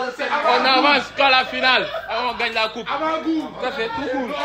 On avance jusqu'à la finale a on gagne la coupe. Ça fait tout court.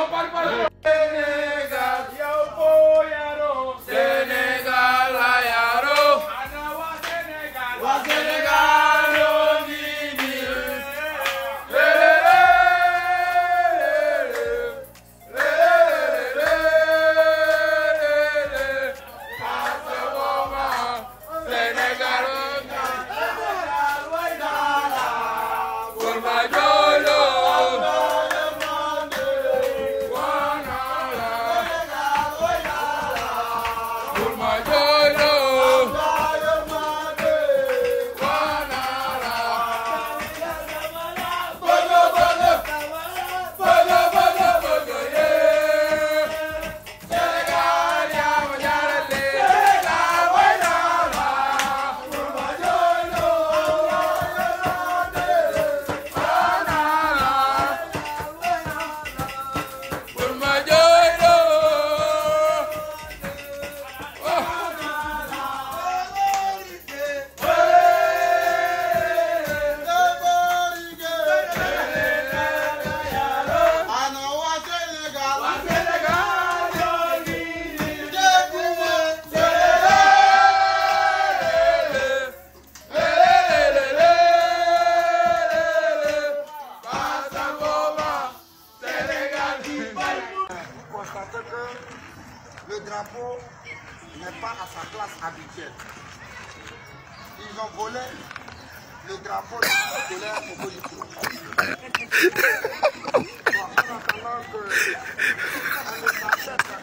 le drapeau n'est pas à sa place habituelle. Ils ont volé le drapeau de la colère au bout du coup. En attendant que on ne s'achète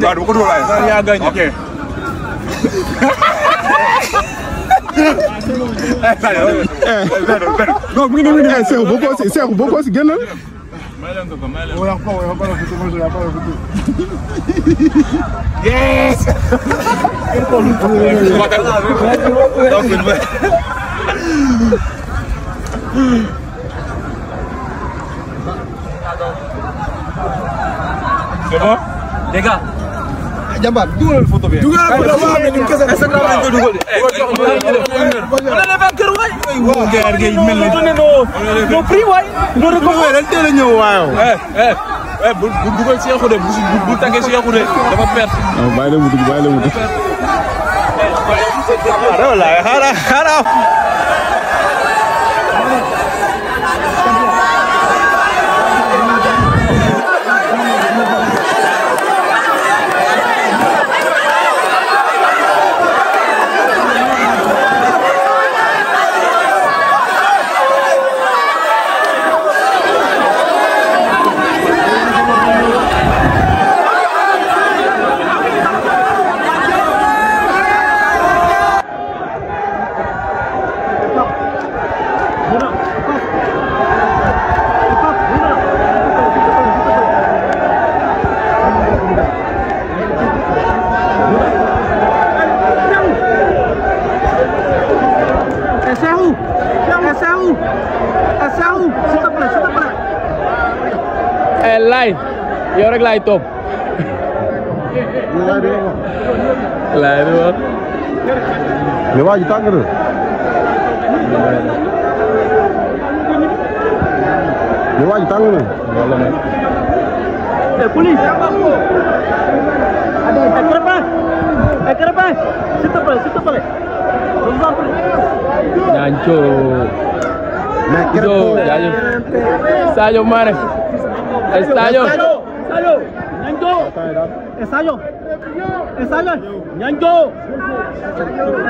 gagné de Sarr yaa gagné ok. Eh, non mu ngi nii mu ngi nii Seex boo ko si Seex boo ko si génnal. Yes! C'est bon? Les gars, jàmbaar dugalal photo bi dugalal photo bi ñu ngi kese Instagram lañ ko dugal waaw gerte gi mel ni no prix waay no rek a ñëw de bu tàggee Cheikhou de dafa perte bàyyi la mu dugg bàyyi la mu dugg yow rek laay topp. laay di wax. mais waa ji tàng na. mais waa ji tàng na. eh police. eh Crépin. eh Crépin. s'il te plaît s'il te plaît. je vous en prie. ñaanco. mais Crépin. Sadio Mané. Sadio. ensayo ñanjo ensayo ensayo ñanjo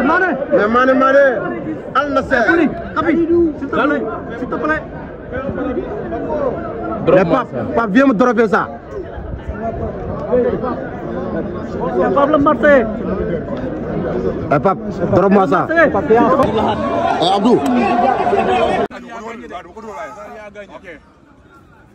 mane mais mane mane al na se kapi s'il te plaît s'il te plaît mais pas pas viens me dropper ça Pablo Marseille. Eh Pap, drop-moi ça. Eh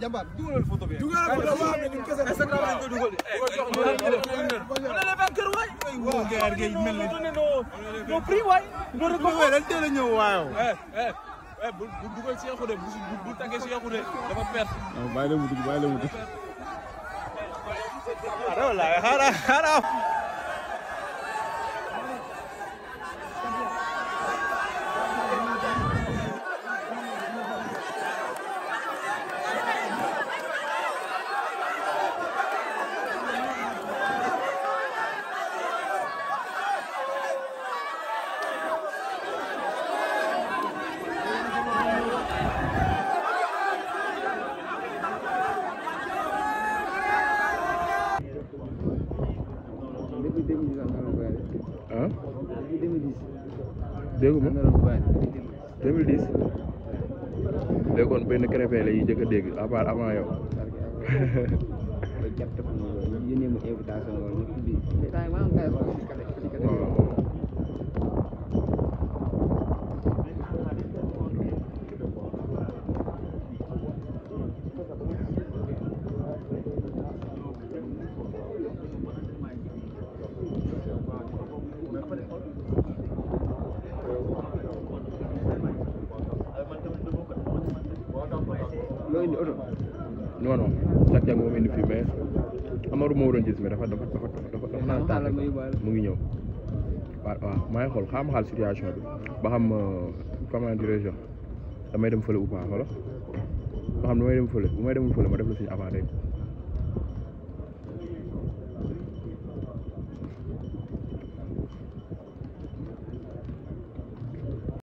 jàmbaar dugalal photo bi dugalal photo bi waaw ñun kese Instagram lañ ko dugal on est le vainqueur waay waaw gerte gi mel ni no prix waay no récolte dañ teel a ñëw waaw eh eh bu dugal Cheikhou de bu tàggee Cheikhou de dafa perte waaw ah, bàyyi la mu dugg bàyyi la mu dugg xaaral ah, ah, xaaral dégg nga 2010 déggoon benn crépé la ñuy jëkk a dégg à part avant yow. waaw Pape Dieng moom indi fii mais Amadou moo doon mais dafa dafa dafa dafa dafa naan tànn mu ngi ñëw waaw waaw maa ngi xool xam xaal situation bi ba xam euh, comment dirais-je damay dem fële ou pas wala ba xam damay dem fële bu may demul fële ma def la suñu avant